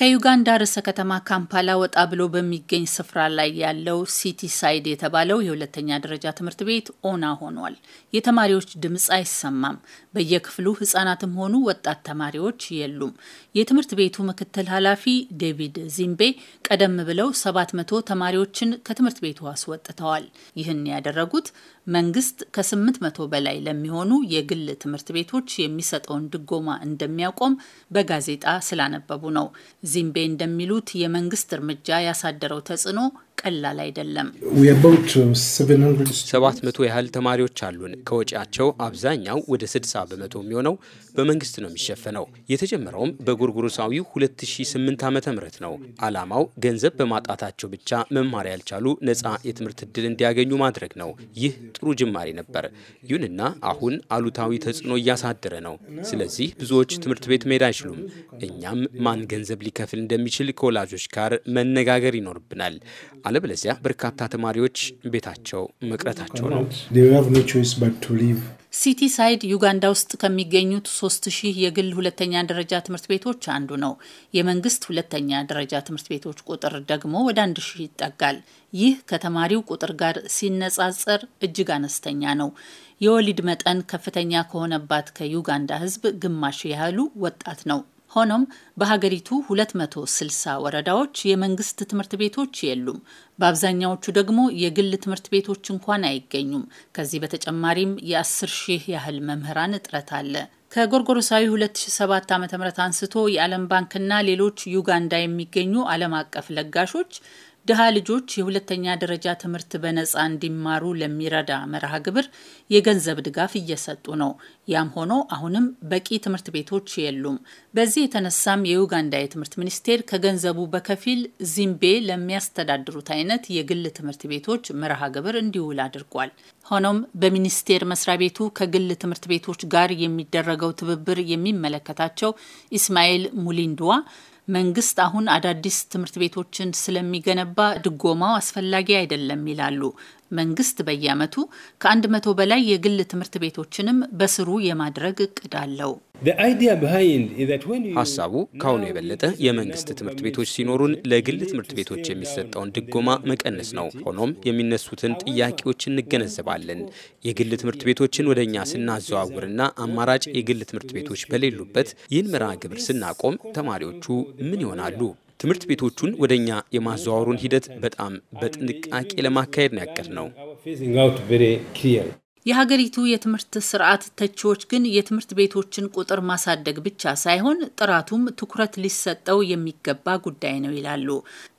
ከዩጋንዳ ርዕሰ ከተማ ካምፓላ ወጣ ብሎ በሚገኝ ስፍራ ላይ ያለው ሲቲ ሳይድ የተባለው የሁለተኛ ደረጃ ትምህርት ቤት ኦና ሆኗል። የተማሪዎች ድምፅ አይሰማም። በየክፍሉ ህጻናትም ሆኑ ወጣት ተማሪዎች የሉም። የትምህርት ቤቱ ምክትል ኃላፊ ዴቪድ ዚምቤ ቀደም ብለው 700 ተማሪዎችን ከትምህርት ቤቱ አስወጥተዋል። ይህን ያደረጉት መንግስት ከ800 በላይ ለሚሆኑ የግል ትምህርት ቤቶች የሚሰጠውን ድጎማ እንደሚያቆም በጋዜጣ ስላነበቡ ነው። ዚምቤ እንደሚሉት የመንግስት እርምጃ ያሳደረው ተጽዕኖ ቀላል አይደለም። uh, ሰባት መቶ ያህል ተማሪዎች አሉን። ከወጪያቸው አብዛኛው ወደ 60 በመቶ የሚሆነው በመንግስት ነው የሚሸፈነው። የተጀመረውም በጉርጉሩሳዊ 2008 ዓ ም ነው። አላማው ገንዘብ በማጣታቸው ብቻ መማር ያልቻሉ ነፃ የትምህርት እድል እንዲያገኙ ማድረግ ነው። ይህ ጥሩ ጅማሬ ነበር። ይሁንና አሁን አሉታዊ ተጽዕኖ እያሳደረ ነው። ስለዚህ ብዙዎች ትምህርት ቤት መሄድ አይችሉም። እኛም ማን ገንዘብ ሊከ ሊከፍል እንደሚችል ከወላጆች ጋር መነጋገር ይኖርብናል። አለበለዚያ በርካታ ተማሪዎች ቤታቸው መቅረታቸው ነው። ሲቲ ሳይድ ዩጋንዳ ውስጥ ከሚገኙት ሶስት ሺህ የግል ሁለተኛ ደረጃ ትምህርት ቤቶች አንዱ ነው። የመንግስት ሁለተኛ ደረጃ ትምህርት ቤቶች ቁጥር ደግሞ ወደ አንድ ሺህ ይጠጋል። ይህ ከተማሪው ቁጥር ጋር ሲነጻጸር እጅግ አነስተኛ ነው። የወሊድ መጠን ከፍተኛ ከሆነባት ከዩጋንዳ ሕዝብ ግማሽ ያህሉ ወጣት ነው። ሆኖም በሀገሪቱ 260 ወረዳዎች የመንግስት ትምህርት ቤቶች የሉም። በአብዛኛዎቹ ደግሞ የግል ትምህርት ቤቶች እንኳን አይገኙም። ከዚህ በተጨማሪም የ10 ሺህ ያህል መምህራን እጥረት አለ። ከጎርጎሮሳዊ 2007 ዓ.ም አንስቶ የዓለም ባንክና ሌሎች ዩጋንዳ የሚገኙ ዓለም አቀፍ ለጋሾች ድሀ ልጆች የሁለተኛ ደረጃ ትምህርት በነፃ እንዲማሩ ለሚረዳ መርሃ ግብር የገንዘብ ድጋፍ እየሰጡ ነው። ያም ሆኖ አሁንም በቂ ትምህርት ቤቶች የሉም። በዚህ የተነሳም የዩጋንዳ የትምህርት ሚኒስቴር ከገንዘቡ በከፊል ዚምቤ ለሚያስተዳድሩት አይነት የግል ትምህርት ቤቶች መርሃ ግብር እንዲውል አድርጓል። ሆኖም በሚኒስቴር መስሪያ ቤቱ ከግል ትምህርት ቤቶች ጋር የሚደረገው ትብብር የሚመለከታቸው ኢስማኤል ሙሊንድዋ መንግስት አሁን አዳዲስ ትምህርት ቤቶችን ስለሚገነባ ድጎማው አስፈላጊ አይደለም ይላሉ። መንግስት በየዓመቱ ከ100 በላይ የግል ትምህርት ቤቶችንም በስሩ የማድረግ እቅድ አለው። ሀሳቡ ከአሁኑ የበለጠ የመንግስት ትምህርት ቤቶች ሲኖሩን ለግል ትምህርት ቤቶች የሚሰጠውን ድጎማ መቀነስ ነው። ሆኖም የሚነሱትን ጥያቄዎች እንገነዘባለን። የግል ትምህርት ቤቶችን ወደ እኛ ስናዘዋውርና አማራጭ የግል ትምህርት ቤቶች በሌሉበት ይህን መርሃ ግብር ስናቆም ተማሪዎቹ ምን ይሆናሉ? ትምህርት ቤቶቹን ወደ እኛ የማዘዋወሩን ሂደት በጣም በጥንቃቄ ለማካሄድ ነው ያቀድ ነው። የሀገሪቱ የትምህርት ስርዓት ተቺዎች ግን የትምህርት ቤቶችን ቁጥር ማሳደግ ብቻ ሳይሆን ጥራቱም ትኩረት ሊሰጠው የሚገባ ጉዳይ ነው ይላሉ።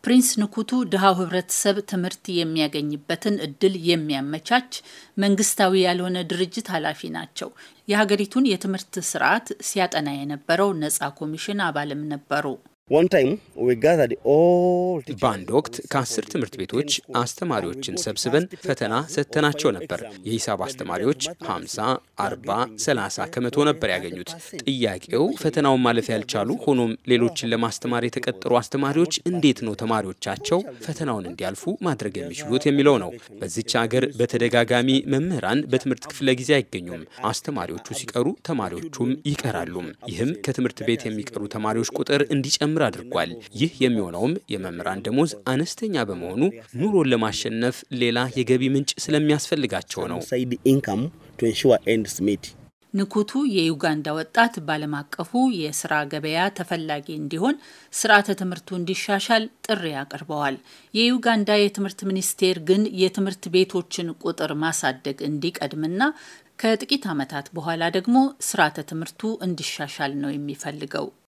ፕሪንስ ንኩቱ ድሃው ህብረተሰብ ትምህርት የሚያገኝበትን እድል የሚያመቻች መንግስታዊ ያልሆነ ድርጅት ኃላፊ ናቸው። የሀገሪቱን የትምህርት ስርዓት ሲያጠና የነበረው ነጻ ኮሚሽን አባልም ነበሩ። በአንድ ወቅት ከአስር ትምህርት ቤቶች አስተማሪዎችን ሰብስበን ፈተና ሰጥተናቸው ነበር። የሂሳብ አስተማሪዎች 50፣ 40፣ 30 ከመቶ ነበር ያገኙት። ጥያቄው ፈተናውን ማለፍ ያልቻሉ ሆኖም ሌሎችን ለማስተማር የተቀጠሩ አስተማሪዎች እንዴት ነው ተማሪዎቻቸው ፈተናውን እንዲያልፉ ማድረግ የሚችሉት የሚለው ነው። በዚች ሀገር በተደጋጋሚ መምህራን በትምህርት ክፍለ ጊዜ አይገኙም። አስተማሪዎቹ ሲቀሩ ተማሪዎቹም ይቀራሉ። ይህም ከትምህርት ቤት የሚቀሩ ተማሪዎች ቁጥር እንዲጨምር ግብር አድርጓል። ይህ የሚሆነውም የመምህራን ደሞዝ አነስተኛ በመሆኑ ኑሮን ለማሸነፍ ሌላ የገቢ ምንጭ ስለሚያስፈልጋቸው ነው። ንኩቱ የዩጋንዳ ወጣት በዓለም አቀፉ የስራ ገበያ ተፈላጊ እንዲሆን ስርዓተ ትምህርቱ እንዲሻሻል ጥሪ አቅርበዋል። የዩጋንዳ የትምህርት ሚኒስቴር ግን የትምህርት ቤቶችን ቁጥር ማሳደግ እንዲቀድምና ከጥቂት ዓመታት በኋላ ደግሞ ስርዓተ ትምህርቱ እንዲሻሻል ነው የሚፈልገው።